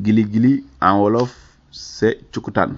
gili gili en wolof c'est cukkutaan